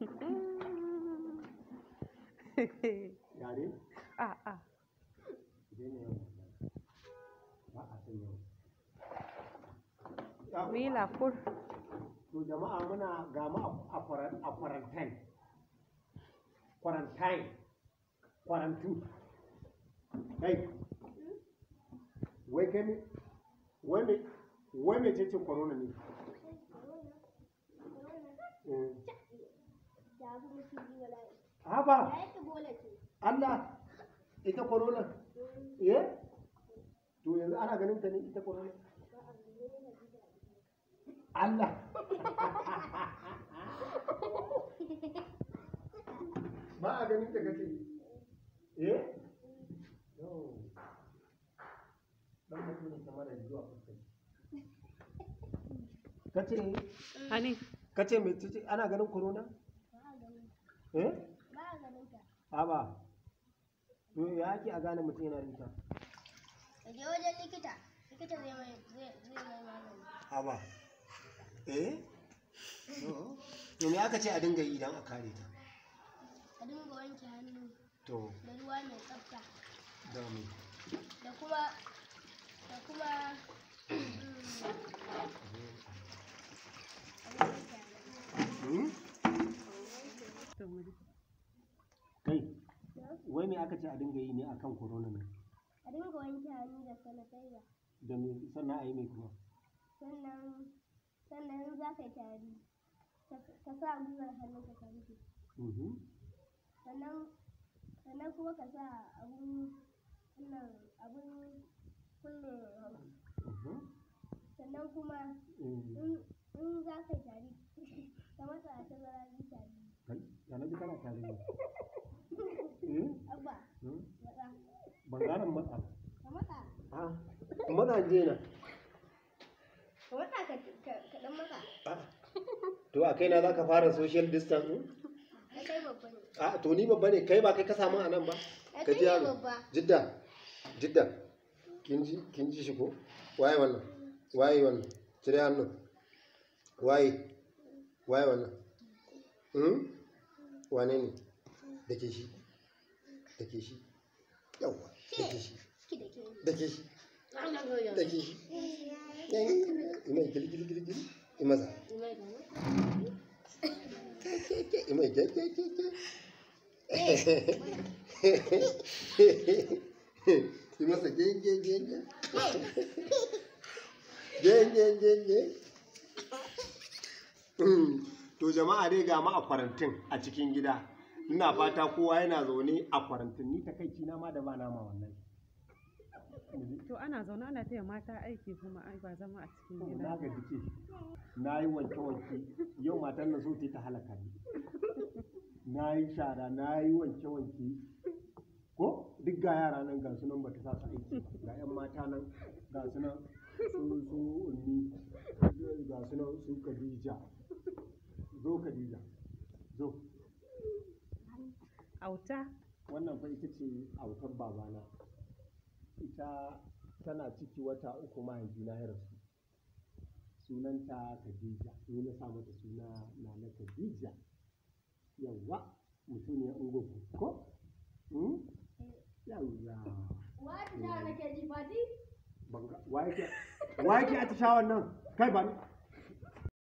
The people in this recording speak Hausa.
Yare? Ah, ah. To jama'a muna gama a quarantine. Quarantine. Quarantine. Wai kai wai ce ce ne? haba Allah ita korolan eh to yanzu ana ganin ta ne ita korolan Allah ba a ganin ta kake eh dan ne kamar da zuwa fuskai kace ani kace me mai ana ganin corona eh ba ta to ya ake a gane mutum yana da ita ka je wajen likita likita zai mai magani eh to me aka ce a dinga yi idan a kare ta a dinga wanke hannu to da ruwa mai tsafta da me da kuma da kuma mm, Kai, wai me aka ce a dinga yi ne akan corona nan? A dinga wanke hannu da sanatarwa Da me sannan a yi mai kuma? Sannan, sannan za ka yi tari, ka sa gwiwar hannun ka rufe. Mm-hmm. Sannan, sannan kuma ka sa abun alaihi ban ka matsa ka dan to a kaina za ka fara social distance a to ni babba ne kai ba kai ka samu a nan ba ka ji yaro jidda jidda kin ji shi waye wannan waye wannan cire hannun waye waye wannan Wane ne? Dake shi. Dake shi. Yauwa. shi. shi. shi. Imaza. Imai Imasa to jama'a dai ga ma a kwarantin a cikin gida ina fata kowa yana zaune a kwarantin ni takaici na ma da ba na ma wannan to ana zaune ana taya mata aiki kuma ai ba zama a cikin gida na ga dike na yi wanke wanke yau matan nan so ta ta halaka ni na yi shara na yi wanke wanke ko duk ga yara nan ga sunan ba ta sa su aiki ga yan mata nan ga sunan sun su unni ga sunan su kadija zo Khadija zo auta wannan fa ita ce autar babana ita tana ciki wata uku mahaifina ya rasu sunanta Khadija ni na sa mata suna Nana Khadija yawa mutum ya ungo ko yawa wa ta nake ji fadi ban ga wa yake wa yake a tashawan nan kai ba ni